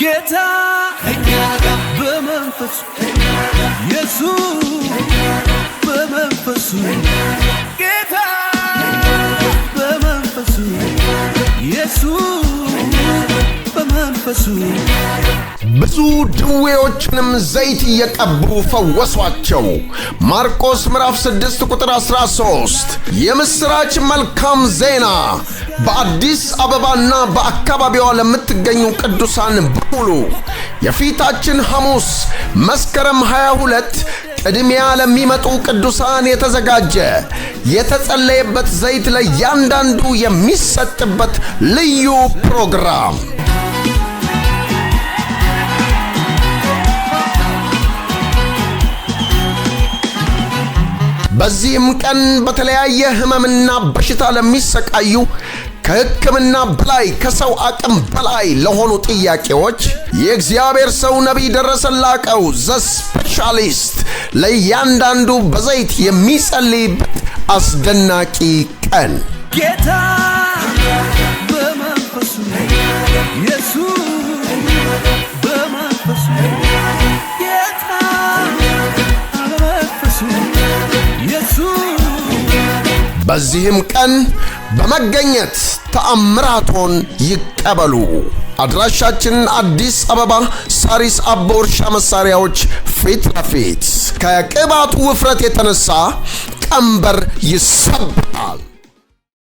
ጌታ በመንፈሱ ኢየሱስ በመንፈሱ ጌታ በመንፈሱ ኢየሱስ በመንፈሱ ብዙ ድዌዎችንም ዘይት እየቀቡ ፈወሷቸው። ማርቆስ ምዕራፍ 6 ቁጥር 13። የምሥራች መልካም ዜና በአዲስ አበባና በአካባቢዋ ለምትገኙ ቅዱሳን በሙሉ የፊታችን ሐሙስ መስከረም 22 ቅድሚያ ለሚመጡ ቅዱሳን የተዘጋጀ የተጸለየበት ዘይት ለእያንዳንዱ የሚሰጥበት ልዩ ፕሮግራም በዚህም ቀን በተለያየ ህመምና በሽታ ለሚሰቃዩ ከሕክምና በላይ ከሰው አቅም በላይ ለሆኑ ጥያቄዎች የእግዚአብሔር ሰው ነቢይ ደረሰ ላቀው ዘ ስፔሻሊስት ለእያንዳንዱ በዘይት የሚጸልይበት አስደናቂ ቀን ጌታ በመንፈሱ ኢየሱስ በዚህም ቀን በመገኘት ተአምራቶን ይቀበሉ። አድራሻችን አዲስ አበባ ሳሪስ አቦ እርሻ መሳሪያዎች ፊት ለፊት። ከቅባቱ ውፍረት የተነሳ ቀንበር ይሰብ